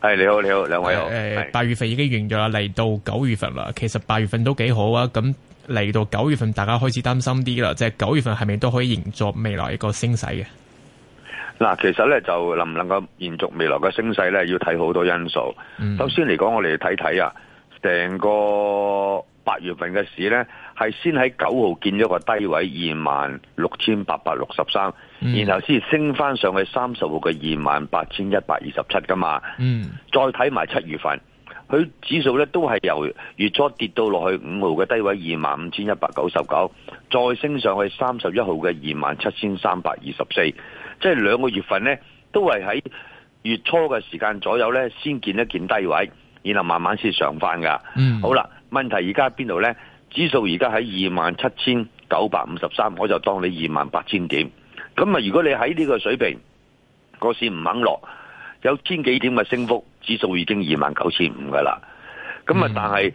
係、hey, 你好，你好，兩位好。誒，八月份已經完咗啦，嚟是到九月份啦。其實八月份都幾好啊，咁嚟到九月份，大家開始擔心啲啦。即係九月份係咪都可以延續未來一個升勢嘅？嗱，其實咧就能唔能夠延續未來嘅升勢咧，要睇好多因素。嗯、首先嚟講，我哋睇睇啊，成個八月份嘅市咧。係先喺九號見咗個低位二萬六千八百六十三，然後先升翻上去三十號嘅二萬八千一百二十七噶嘛。嗯，再睇埋七月份，佢指數咧都係由月初跌到落去五號嘅低位二萬五千一百九十九，再升上去三十一號嘅二萬七千三百二十四。即係兩個月份咧，都係喺月初嘅時間左右咧，先見一見低位，然後慢慢先上翻噶。嗯，好啦，問題而家喺邊度咧？指數而家喺二萬七千九百五十三，我就當你二萬八千點。咁啊，如果你喺呢個水平，個線唔肯落，有千幾點嘅升幅，指數已經二萬九千五㗎喇。咁啊，但係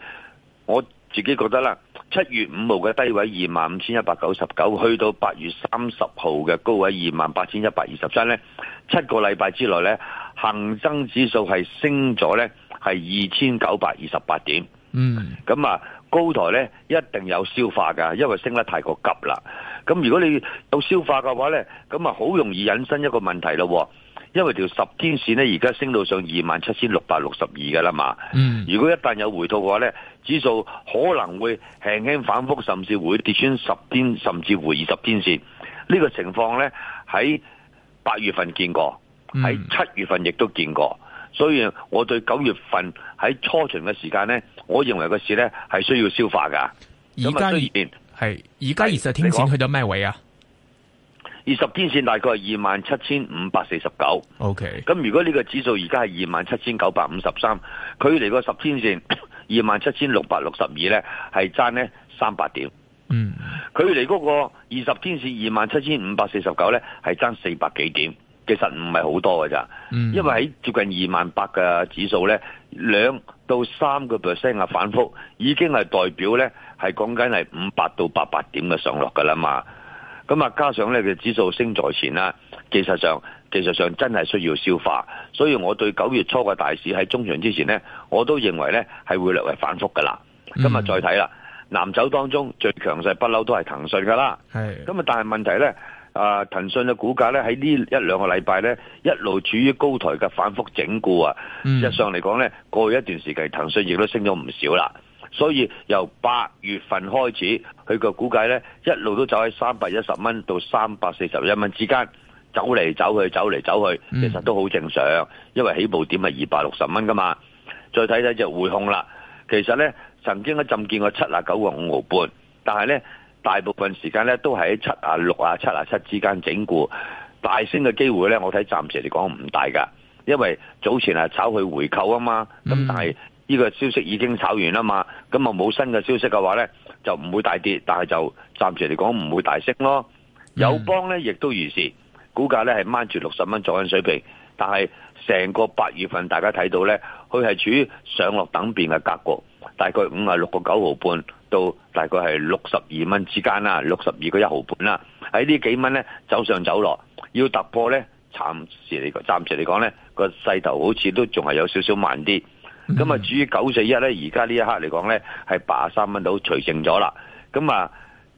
我自己覺得啦，七月五號嘅低位二萬五千一百九十九，去到八月三十號嘅高位二萬八千一百二十三呢，七個禮拜之內呢，恒生指數係升咗呢，係二千九百二十八點。嗯，咁啊。高台呢一定有消化噶，因為升得太過急啦。咁如果你有消化嘅話呢，咁啊，好容易引申一個問題咯。因為條十天線呢，而家升到上二萬七千六百六十二噶啦嘛。嗯、如果一旦有回吐嘅話呢，指數可能會輕輕反覆，甚至會跌穿十天，甚至回二十天線。呢個情況呢，喺八月份見過，喺七月份亦都見過。所以，我對九月份喺初旬嘅時間呢，我認為個市呢係需要消化噶。而家係，而家二十天線去到咩位啊？二十天線大概係二萬七千五百四十九。OK，咁如果呢個指數而家係二萬七千九百五十三，距離個十天線二萬七千六百六十二呢係爭呢三百點。嗯，距離嗰個二十天線二萬七千五百四十九呢係爭四百幾點。其實唔係好多嘅咋，因為喺接近二萬八嘅指數咧，兩到三個 percent 嘅反覆已經係代表咧係講緊係五百到八百點嘅上落嘅啦嘛。咁啊加上咧嘅指數升在前啦，技術上技術上真係需要消化，所以我對九月初嘅大市喺中旬之前咧，我都認為咧係會略為反覆嘅啦。今日再睇啦，南走當中最強勢不嬲都係騰訊嘅啦。係咁啊，但係問題咧。啊，騰訊嘅股價咧喺呢一兩個禮拜咧，一路處於高台嘅反覆整固啊。事實上嚟講咧，過去一段時期騰訊亦都升咗唔少啦。所以由八月份開始，佢個股價咧一路都走喺三百一十蚊到三百四十一蚊之間走嚟走去，走嚟走去，其實都好正常，因為起步點係二百六十蚊㗎嘛。再睇睇隻匯控啦，其實咧曾經一陣見過七啊九個五毫半，但係咧。大部分時間咧都係喺七啊六啊七啊七之間整固，大升嘅機會咧，我睇暫時嚟講唔大㗎，因為早前係炒佢回購啊嘛，咁、嗯、但係呢個消息已經炒完啦嘛，咁啊冇新嘅消息嘅話咧，就唔會大跌，但係就暫時嚟講唔會大升咯。友、嗯、邦咧亦都如是，股價咧係掹住六十蚊左右水平，但係成個八月份大家睇到咧，佢係處於上落等變嘅格局，大概五啊六個九毫半。到大概係六十二蚊之間啦，六十二個一毫半啦，喺呢幾蚊咧走上走落，要突破咧，暫時嚟講，暫時嚟講咧個勢頭好似都仲係有少少慢啲。咁、嗯、啊，至於九四一咧，而家呢一刻嚟講咧係八十三蚊到除淨咗啦。咁啊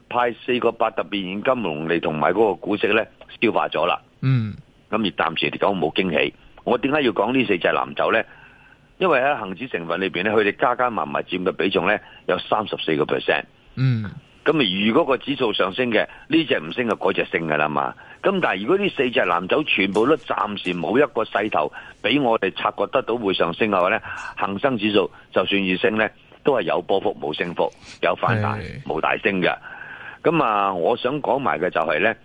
派四個八特別現金紅利同埋嗰個股息咧消化咗啦。嗯。咁而暫時嚟講冇驚喜。我點解要講呢四隻藍籌咧？因為喺恒指成分裏邊咧，佢哋加加埋埋佔嘅比重咧有三十四個 percent。嗯。咁如果個指數上升嘅，呢隻唔升就嗰隻升噶啦嘛。咁但係如果呢四隻藍籌全部都暫時冇一個勢頭俾我哋察覺得到會上升嘅話咧，恒生指數就算要升咧，都係有波幅冇升幅，有反彈冇是大升嘅。咁啊，我想講埋嘅就係、是、咧，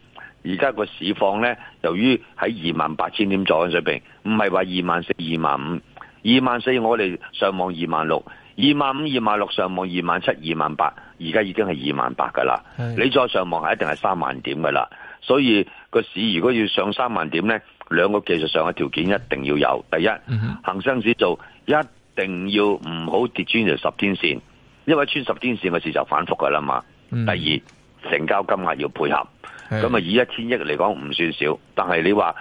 而家個市況咧，由於喺二萬八千點左右水平，唔係話二萬四、二萬五。二萬四我哋上望二萬六，二萬五二萬六上望二萬七二萬八，而家已經係二萬八噶啦。你再上望係一定係三萬點噶啦。所以個市如果要上三萬點呢，兩個技術上嘅條件一定要有。第一，恒生市做一定要唔好跌穿條十天線，因為穿十天線嘅市就反覆噶啦嘛。嗯、第二，成交金額要配合，咁啊的以一千億嚟講唔算少，但係你話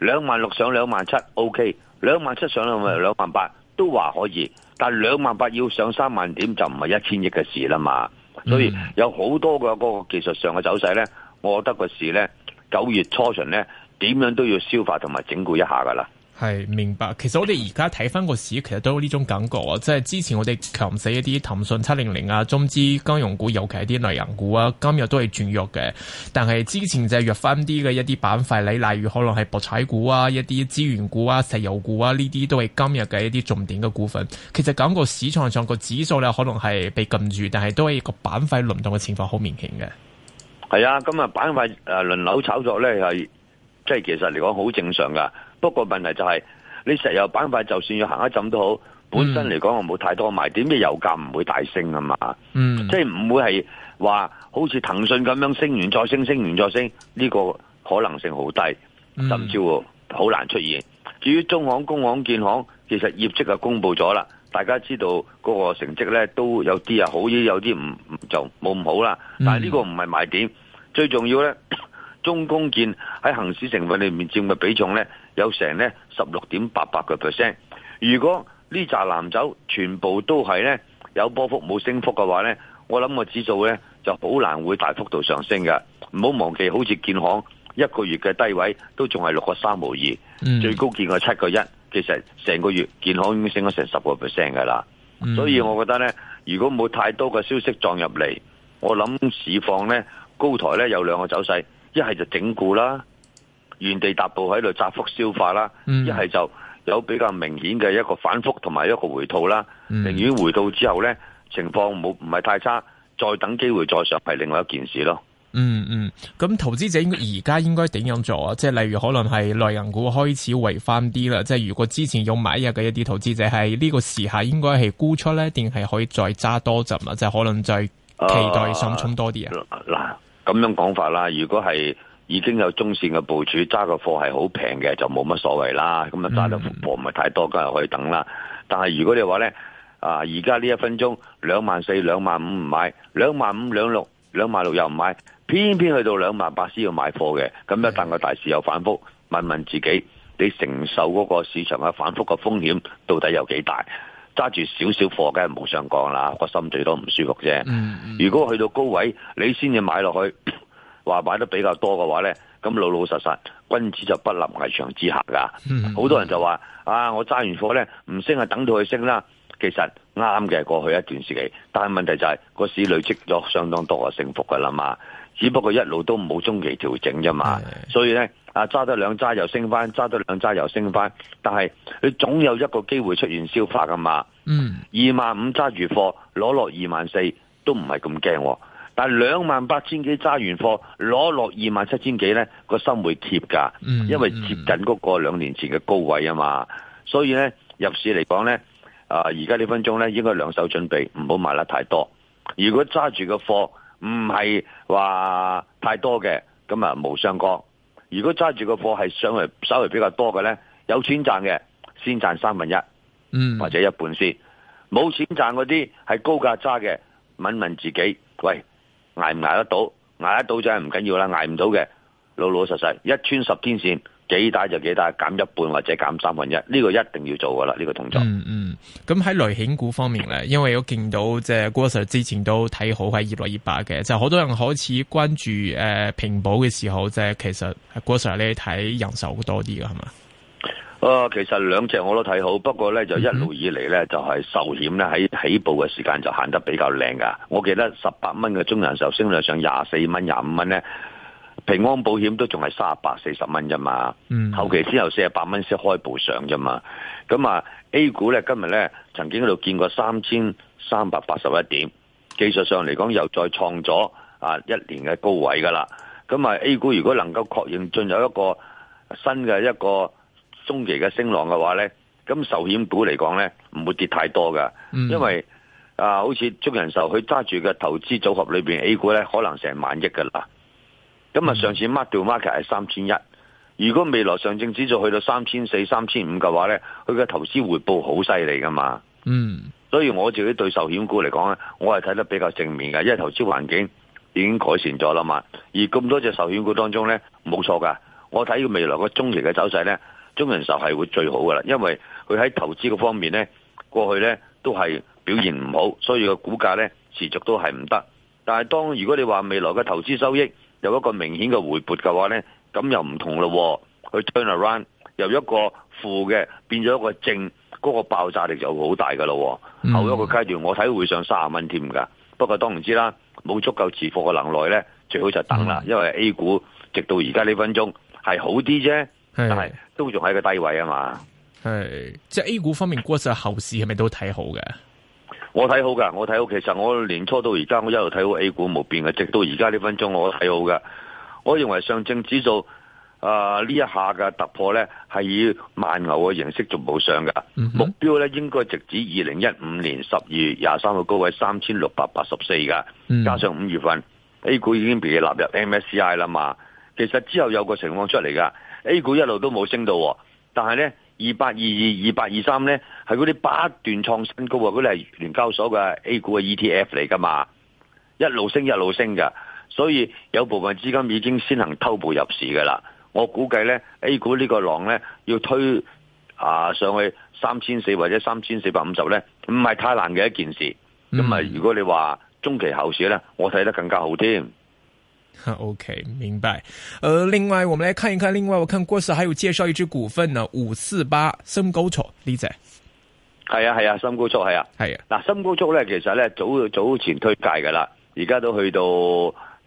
兩萬六上兩萬七，OK。兩萬七上兩萬八都話可以，但兩萬八要上三萬點就唔係一千億嘅事啦嘛，所以有好多個個技術上嘅走勢呢，我覺得個市呢，九月初旬呢點樣都要消化同埋整固一下噶啦。係明白，其實我哋而家睇翻個市，其實都有呢種感覺啊！即係之前我哋強勢一啲騰訊七零零啊、中資金融股，尤其係啲能源股啊，今日都係轉弱嘅。但係之前就係弱翻啲嘅一啲板塊，你例如可能係博彩股啊、一啲資源股啊、石油股啊呢啲，這些都係今日嘅一啲重點嘅股份。其實感覺市場上個指數咧，可能係被撳住，但係都係個板塊輪動嘅情況好明顯嘅。係啊，今日板塊誒輪流炒作咧，係即係其實嚟講好正常噶。不過問題就係、是，你石油板塊就算要行一浸都好，本身嚟講我冇太多的賣點，因油價唔會大升啊嘛，嗯、即係唔會係話好似騰訊咁樣升完再升，升完再升，呢、這個可能性好低，甚至好難出現。嗯、至於中行、工行、建行，其實業績啊公佈咗啦，大家知道嗰個成績咧都有啲啊好啲，有啲唔就冇咁好啦。但係呢個唔係賣點，最重要咧，中工建喺恒指成分裏面佔嘅比重咧。有成咧十六點八八個 percent。如果呢紮藍籌全部都係咧有波幅冇升幅嘅話咧，我諗個指數咧就好難會大幅度上升嘅。唔好忘記，好似建行一個月嘅低位都仲係六個三毫二，mm. 最高見過七個一。其實成個月建行已經升咗成十個 percent 噶啦。所以我覺得咧，如果冇太多嘅消息撞入嚟，我諗市況咧高台咧有兩個走勢，一係就整固啦。原地踏步喺度窄幅消化啦，一係、嗯、就有比較明顯嘅一個反覆同埋一個回吐啦。寧願、嗯、回吐之後呢情況冇唔係太差，再等機會再上係另外一件事咯。嗯嗯，咁、嗯、投資者而家應該點樣做啊？即係例如可能係內銀股開始圍翻啲啦。即係如果之前要買入嘅一啲投資者係呢個時下應該係沽出呢定係可以再揸多陣啊？即、就是、可能再期待上沖多啲啊？嗱，咁樣講法啦，如果係。已經有中線嘅部署，揸個貨係好平嘅，就冇乜所謂啦。咁啊，揸得貨唔係太多，梗係可以等啦。但係如果你話咧，啊而家呢一分鐘兩萬四、兩萬五唔買，兩萬五、兩六、兩萬六又唔買，偏偏去到兩萬八先要買貨嘅，咁一旦個大市又反覆，問問自己你承受嗰個市場嘅反覆嘅風險到底有幾大？揸住少少貨，梗係冇上槓啦，個心最多唔舒服啫。如果去到高位，你先至買落去。話買得比較多嘅話呢，咁老老實實，君子就不立危牆之下噶。好、嗯、好多人就話的啊，我揸完貨呢，唔升啊，等到佢升啦。其實啱嘅過去一段時期，但係問題就係、是、個市累積咗相當多嘅升幅噶啦嘛。只不過一路都冇中期調整啫嘛。的所以呢，啊，揸多兩揸又升翻，揸多兩揸又升翻。但係佢總有一個機會出現消化噶嘛。二萬五揸住貨攞落二萬四都唔係咁驚。但係兩萬八千幾揸完貨攞落二萬七千幾呢，個心會怯噶，因為接近嗰個兩年前嘅高位啊嘛。所以呢，入市嚟講呢，啊而家呢分鐘呢，應該兩手準備，唔好買得太多。如果揸住嘅貨唔係話太多嘅，咁啊無相干。如果揸住嘅貨係相對稍微比較多嘅呢，有錢賺嘅先賺三分一、嗯，或者一半先。冇錢賺嗰啲係高價揸嘅，問問自己，喂。捱唔捱得到，捱得到就係唔緊要啦，捱唔到嘅老老實實一穿十天線，幾大就幾大，減一半或者減三分一，呢、這個一定要做噶啦，呢、這個動作。嗯嗯，咁喺雷險股方面咧，因為我見到即係郭 Sir 之前都睇好喺熱內熱白嘅，就好、是、多人開始關注誒、呃、平保嘅時候，即係其實郭 Sir 你睇人壽多啲嘅係嘛？啊、哦，其實兩隻我都睇好，不過咧就一路以嚟咧就係壽險咧喺起步嘅時間就行得比較靚噶。我記得十八蚊嘅中人壽升到上廿四蚊，廿五蚊咧，平安保險都仲係卅八四十蚊啫嘛。嗯。後期先有四十八蚊先開步上啫嘛。咁啊，A 股咧今日咧曾經喺度見過三千三百八十一點，技術上嚟講又再創咗啊一年嘅高位噶啦。咁啊，A 股如果能夠確認進入一個新嘅一個。中期嘅升浪嘅話受呢，咁壽險股嚟講呢，唔會跌太多噶，嗯、因為啊、呃，好似中國人壽佢揸住嘅投資組合裏邊 A 股呢，可能成萬億噶啦。咁啊、嗯，上次 mark 掉 market 係三千一，如果未來上證指數去到三千四、三千五嘅話呢，佢嘅投資回報好犀利噶嘛。嗯，所以我自己對壽險股嚟講呢，我係睇得比較正面嘅，因為投資環境已經改善咗啦嘛。而咁多隻壽險股當中呢，冇錯噶，我睇佢未來個中期嘅走勢呢，中人壽係會最好噶啦，因為佢喺投資嗰方面呢，過去呢都係表現唔好，所以個股價呢持續都係唔得。但係當如果你話未來嘅投資收益有一個明顯嘅回撥嘅話呢，咁又唔同咯、啊。佢 turnaround 由一個負嘅變咗一個正，嗰、那個爆炸力就好大噶咯、啊。嗯、後一個階段我睇會上三十蚊添㗎。不過當然知啦，冇足夠持貨嘅能耐呢，最好就等啦。嗯、因為 A 股直到一而家呢分鐘係好啲啫。係，是但是都仲喺個低位啊嘛。係，即、就、係、是、A 股方面，過晒後市係咪都睇好嘅？我睇好噶，我睇好。其實我年初到而家，我一路睇好 A 股冇變嘅，直到而家呢分鐘，我睇好嘅。我認為上證指數啊呢一下嘅突破咧，係以慢牛嘅形式逐步上噶、mm hmm. 目標咧，應該直指二零一五年十二月廿三個高位三千六百八十四噶，加上五月份、mm hmm. A 股已經被納入 MSCI 啦嘛。其實之後有個情況出嚟噶。A 股一路都冇升到，但係呢，二八二二、二八二三呢，係嗰啲不斷創新高嘅。嗰啲係聯交所嘅 A 股嘅 ETF 嚟噶嘛，一路升一路升噶，所以有部分資金已經先行偷步入市噶啦。我估計呢 A 股呢個浪呢，要推啊、呃、上去三千四或者三千四百五十呢，唔係太難嘅一件事。咁啊，如果你話中期後市呢，我睇得更加好添。OK，明白。呃，另外我們來看一看，看另外我看郭 Sir 還有介紹一支股份呢，五四八深高速，呢隻。係啊係啊，深高速係啊係啊。嗱、啊啊，深高速咧其實咧早早前推介噶啦，而家都去到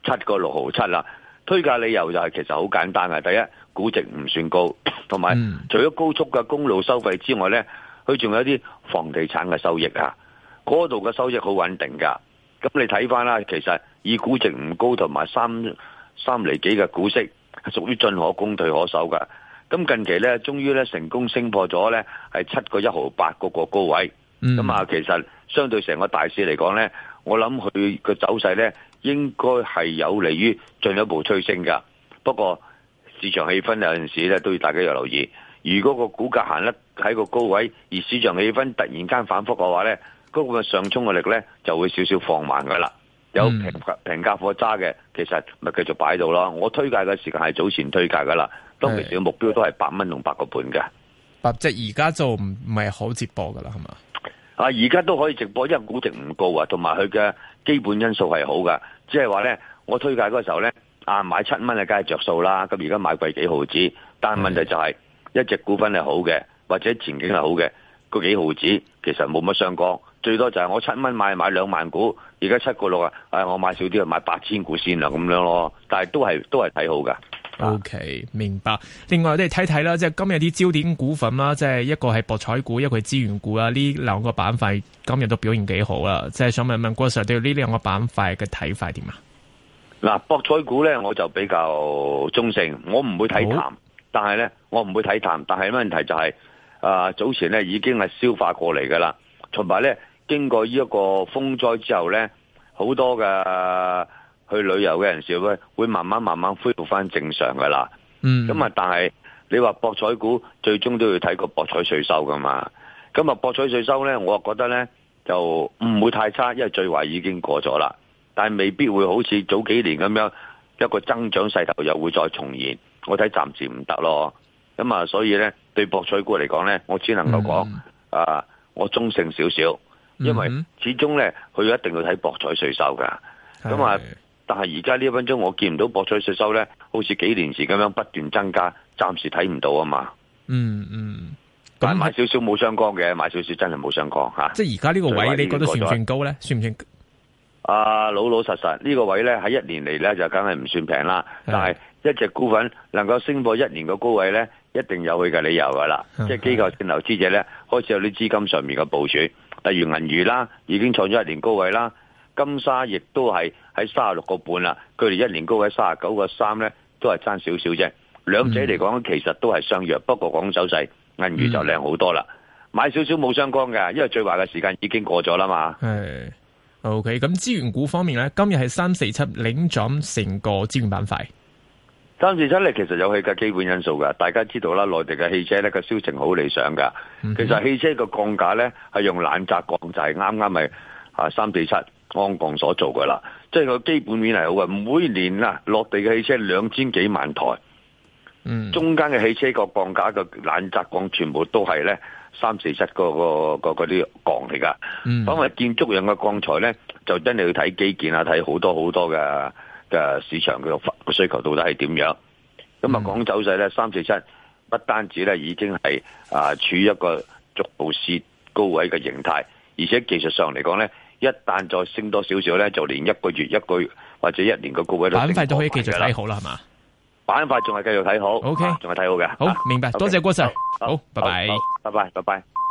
七個六毫七啦。推介理由就係其實好簡單嘅，第一，估值唔算高，同埋、嗯、除咗高速嘅公路收費之外咧，佢仲有啲房地產嘅收益啊，嗰度嘅收益好穩定噶。咁你睇翻啦，其實以估值唔高同埋三三厘幾嘅股息，係屬於進可攻退可守噶。咁近期咧，終於咧成功升破咗咧，係七個一毫八個個高位。咁啊、嗯，其實相對成個大市嚟講咧，我諗佢個走勢咧應該係有利於進一步催升噶。不過市場氣氛有陣時咧都要大家要留意，如果個股價行得喺個高位，而市場氣氛突然間反覆嘅話咧。嗰個上衝嘅力咧就會少少放慢噶啦，有平平價貨揸嘅，其實咪繼續擺到咯。我推介嘅時間係早前推介㗎啦，當其時嘅目標都係八蚊同八個半嘅。八即係而家就唔係好值搏噶啦，係嘛？啊，而家都可以值搏，因為估值唔高啊，同埋佢嘅基本因素係好噶。只係話咧，我推介嗰個時候咧，啊買七蚊啊梗係着數啦。咁而家買貴幾毫子，但問題就係、是、一隻股份係好嘅，或者前景係好嘅，個幾毫子其實冇乜相干。最多就係我七蚊買買兩萬股，而家七個六啊！誒、哎，我買少啲啊，買八千股先啦咁樣咯。但係都係都係睇好嘅。OK，明白。另外都係睇睇啦，即係今日啲焦點股份啦，即係一個係博彩股，一個係資源股啦。呢兩個板塊今日都表現幾好啦。即係想問問郭 Sir 對呢兩個板塊嘅睇法點啊？嗱，博彩股咧我就比較中性，我唔會睇淡、哦。但係咧，我唔會睇淡。但係問題就係、是，誒、呃、早前咧已經係消化過嚟嘅啦。同埋咧～經過呢一個風災之後呢，好多嘅去旅遊嘅人士咧，會慢慢慢慢恢復翻正常噶啦。咁啊、嗯，但係你話博彩股最終都要睇個博彩稅收噶嘛。咁啊，博彩稅收呢，我覺得呢就唔會太差，因為最壞已經過咗啦。但係未必會好似早幾年咁樣一個增長勢頭又會再重現。我睇暫時唔得咯。咁、嗯、啊，所以呢，對博彩股嚟講呢，我只能夠講、嗯、啊，我中性少少。因為始終咧，佢一定要睇博彩稅收噶。咁啊，是但係而家呢一分鐘，我見唔到博彩稅收咧，好似幾年前咁樣不斷增加，暫時睇唔到啊嘛。嗯嗯，買少少冇相干嘅，買少少真係冇相干吓。即係而家呢個位，你覺得算唔算高咧？算唔算？阿、啊、老老實實呢、呢個位咧，喺一年嚟，咧就梗係唔算平啦。是但係一隻股份能夠升過一年嘅高位咧。一定有佢嘅理由噶啦，即係機構投資者咧開始有啲資金上面嘅部署，例如銀娛啦，已經創咗一年高位啦，金沙亦都係喺三十六個半啦，佢哋一年高位三十九個三咧都係爭少少啫，兩者嚟講其實都係相若，嗯、不過講走勢，銀娛就靚好多啦，買少少冇相干嘅，因為最壞嘅時間已經過咗啦嘛。係，OK，咁資源股方面咧，今日係三四七領漲成個資源板塊。三四七咧，其實有佢嘅基本因素嘅。大家知道啦，內地嘅汽車咧嘅銷情好理想嘅。其實汽車嘅鋼架咧，係用冷軋鋼就係啱啱咪啊三四七鞍鋼所做嘅啦。即係個基本面係好嘅，每年啊落地嘅汽車兩千幾萬台。嗯，中間嘅汽車個鋼架、個冷軋鋼全部都係咧三四七嗰個個啲鋼嚟噶。嗯，講建築用嘅鋼材咧，就真係要睇基建啊，睇好多好多㗎。嘅市場嘅個需求到底係點樣？咁啊、嗯，講走勢咧，三四七不單止咧已經係啊處於一個逐步試高位嘅形態，而且技術上嚟講咧，一旦再升多少少咧，就連一個月、一個月或者一年個高位都板塊都可以繼續睇好啦，係嘛？板塊仲係繼續睇好，OK，仲係睇好嘅。好，明白，多謝郭生，好，拜拜好，拜拜 bye，拜拜。Bye bye, bye bye